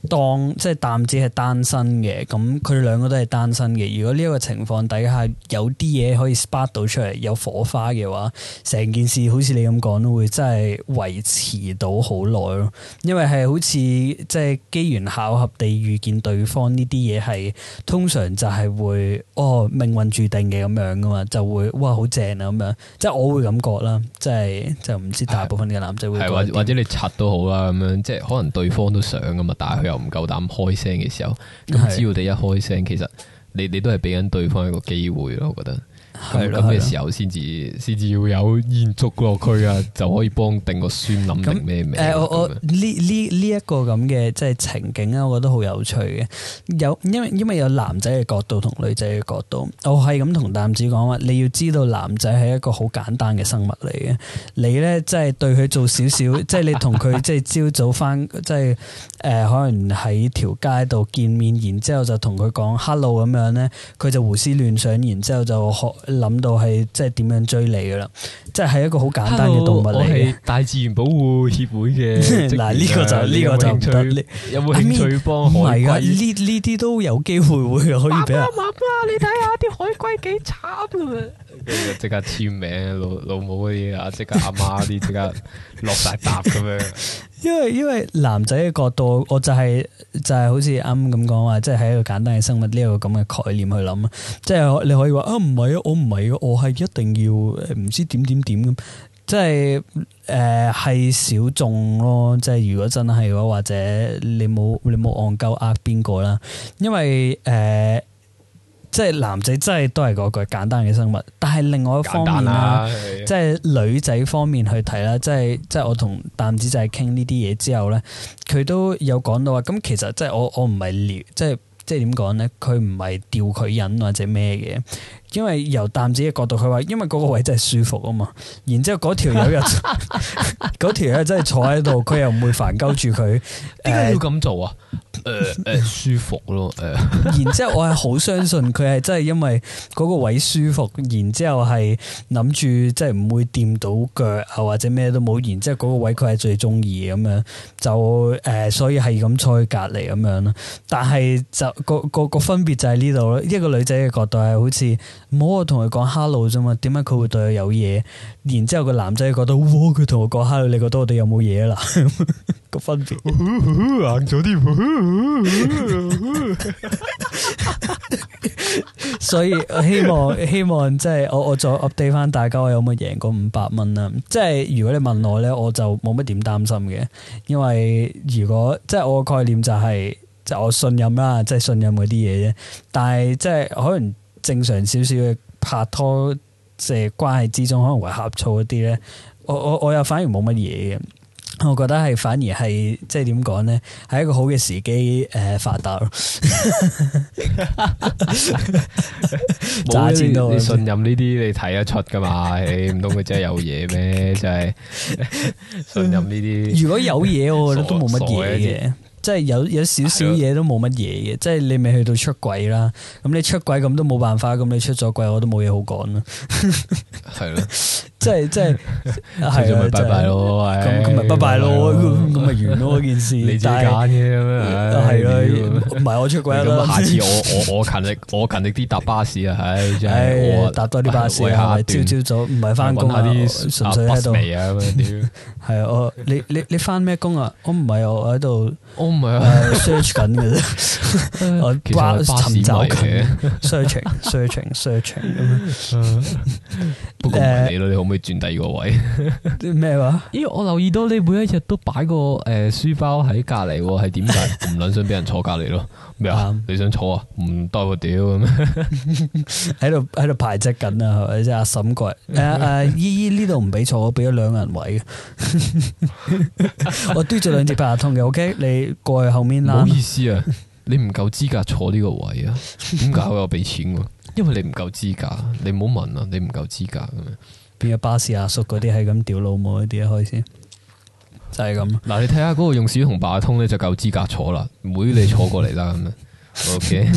當即係淡子係單身嘅，咁佢哋兩個都係單身嘅。如果呢一個情況底下有啲嘢可以 spark 到出嚟，有火花嘅話，成件事好似你咁講，都會真係維持到好耐咯。因為係好似即係機緣巧合地遇見對方呢啲嘢，係通常就係會哦命運注定嘅，咁樣噶嘛，就會哇好正啊咁樣。即係我會咁覺啦，即係就是。就是唔知大部分嘅男仔會係，或者你柒都好啦，咁樣，即係可能對方都想㗎嘛，但係佢又唔夠膽開聲嘅時候，咁只要你一開聲，其實你你都係俾緊對方一個機會咯，我覺得。係咯，咩時候先至先至要有延續落去啊？ [laughs] 就可以幫定個孫諗定咩名？誒、呃，我我呢呢呢一個咁嘅即係情景咧，我覺得好有趣嘅。有因為因為有男仔嘅角度同女仔嘅角度，我係咁同男子講話：你要知道男仔係一個好簡單嘅生物嚟嘅。你咧即係對佢做少少，即係 [laughs] 你同佢即係朝早返，即係誒，可能喺條街度見面，然之後就同佢講 hello 咁樣咧，佢就胡思亂想，然之後就學。諗到係即係點樣追你噶啦，即係一個好簡單嘅動物嚟。Hello, 大自然保護協會嘅嗱呢個就呢個就係有冇興趣幫海龜呢呢啲都有機會會可以俾啊，媽媽你睇下啲海龜幾慘即刻簽名老老母嗰啲啊，即刻阿媽啲即刻落晒搭咁樣，因為因為男仔嘅角度，我就係就係好似啱咁講話，即係喺一個簡單嘅生物呢個咁嘅概念去諗，即係你可以話啊唔係啊，我唔係嘅，我係一定要唔知點點點咁，即係誒係小眾咯，即係如果真係嘅話，或者你冇你冇戇鳩呃邊個啦，因為誒。呃即係男仔真係都係嗰句簡單嘅生物，但係另外一方面咧，啊、即係女仔方面去睇啦。即係即係我同淡子仔係傾呢啲嘢之後咧，佢都有講到話，咁其實即係我我唔係撩，即係即係點講咧，佢唔係吊佢癮或者咩嘅。因為由淡子嘅角度，佢話因為嗰個位真係舒服啊嘛，然之後嗰條友又條咧真係坐喺度，佢又唔會煩鳩住佢。點解要咁做啊？誒 [laughs] 、呃呃、舒服咯。誒、呃， [laughs] 然之後我係好相信佢係真係因為嗰個位舒服，然之後係諗住即係唔會掂到腳啊，或者咩都冇，然之後嗰個位佢係最中意咁樣，就誒所以係咁坐喺隔籬咁樣咯。但係就個、嗰個分別就喺呢度咯。一個女仔嘅角度係好似。唔好，我同佢講 hello 啫嘛，點解佢會對我有嘢？然之後個男仔覺得，哇，佢同我講 hello，你覺得我哋有冇嘢啦？ [laughs] 個分咗，硬咗啲， [laughs] [laughs] [laughs] 所以我希望希望即係我我再 update 翻大家我有冇贏過五百蚊呀。即係如果你問我咧，我就冇乜點擔心嘅，因為如果即係我嘅概念就係、是、就是、我信任啦，即係信任嗰啲嘢啫。但係即係可能。正常少少嘅拍拖即係關係之中，可能會呷醋一啲咧。我我我又反而冇乜嘢嘅，我覺得係反而係即係點講咧，係一個好嘅時機誒、呃、發達咯。冇錢都信任呢啲，你睇得出噶嘛？你唔通佢真係有嘢咩？就係 [laughs] [laughs] 信任呢啲。如果有嘢，我覺得都冇乜嘢嘅。即係有有少少嘢都冇乜嘢嘅，的即係你未去到出軌啦。咁你出軌咁都冇辦法，咁你出咗軌我都冇嘢好講啦，係 [laughs] 咯。即係即係，係咪拜拜咯？咁咁咪拜拜咯，咁咁咪完咯件事。你自己揀嘅咩？係咯，唔係我出軌啦。咁下次我我我勤力我勤力啲搭巴士啊！唉，我搭多啲巴士，朝朝早唔係翻工啊？純粹喺度。阿鼻啊！咁樣屌。係啊，我你你你翻咩工啊？我唔係我喺度，我唔係 search 緊嘅啫，我 bus 尋找緊，searching，searching，searching 咁樣。不過唔理你咯，你好。可，可以轉第二個位？啲咩話？咦、欸，我留意到你每一日都擺個誒書包喺隔籬喎，係點解唔卵想俾人坐隔籬咯？咩啊？嗯、你想坐啊？唔得個屌咁咩？喺度喺度排擠緊啊？係咪先？阿嬸貴誒誒，依依呢度唔俾坐，我俾咗兩人位嘅。 [laughs] 我嘟咗兩支八達通嘅。OK，你過去後面啦、啊。唔好意思啊，你唔夠資格坐呢個位啊？點解我又俾錢？ [laughs] 因為你唔夠資格。你唔好問啊，你唔夠資格咁樣。邊個巴士阿叔嗰啲係咁屌老母嗰啲啊？可以先，就係咁。嗱，你睇下嗰個用小紅八達通咧，就夠資格坐啦，妹你坐過嚟啦咁樣。O K，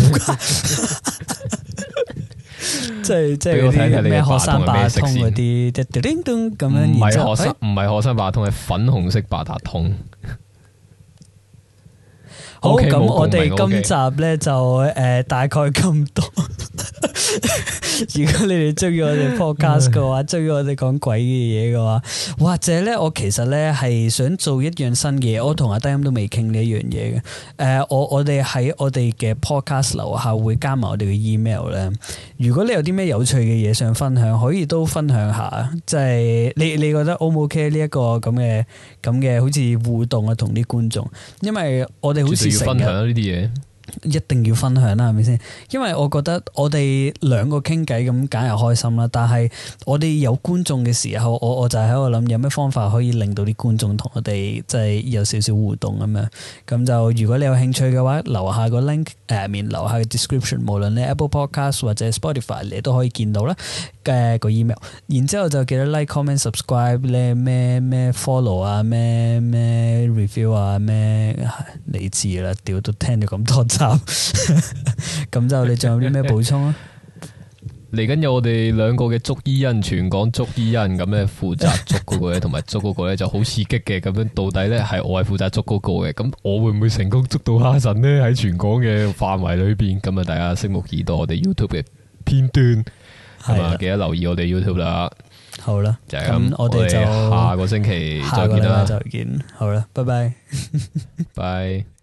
即係即係啲咩學生八達通嗰啲叮叮叮咁樣。唔係學生，唔係學生八達通，係粉紅色八達通。 [laughs] okay, 好，咁我哋今集咧 okay 就誒、呃、大概咁多。 [laughs] 如果你哋中意我哋 podcast 嘅話，中意 [laughs] 我哋講鬼嘅嘢嘅話，或者咧，我其實咧係想做一樣新嘅嘢，我同阿 Dam 都未傾呢一樣嘢嘅。誒，我我哋喺我哋嘅 podcast 樓下會加埋我哋嘅 email 咧。如果你有啲咩有趣嘅嘢想分享，可以都分享下。即係你你覺得 OK 唔 OK 呢一個咁嘅咁嘅，好似互動啊，同啲觀眾，因為我哋好似要分享呢啲嘢。一定要分享啦，係咪先？因為我覺得我哋兩個傾偈咁梗係開心啦。但係我哋有觀眾嘅時候，我我就喺度諗有咩方法可以令到啲觀眾同我哋即係有少少互動咁樣。咁就如果你有興趣嘅話，留下個 link 誒、呃、面，留下個 description，無論你 Apple Podcast 或者 Spotify，你都可以見到啦。嘅、啊那個 email，然之後就記得 like、 [noise] comment、subscribe 咧，咩咩 follow 啊，咩咩 review 啊，咩你知啦，屌都聽咗咁多集，咁 [laughs] 就你仲有啲咩補充啊？嚟緊有我哋兩個嘅捉伊人，全港捉伊人咁咧，負責捉嗰個咧，同埋 [laughs] 捉嗰個咧就好刺激嘅。咁樣到底咧係我係負責捉嗰個嘅，咁我會唔會成功捉到蝦神呢？喺全港嘅範圍裏邊，咁啊大家拭目以待我哋 YouTube 嘅片段。係啊，記得留意我哋 YouTube 啦。好啦，就係咁，我哋下個星期再見啦。再見，好啦，拜拜，拜。 [laughs]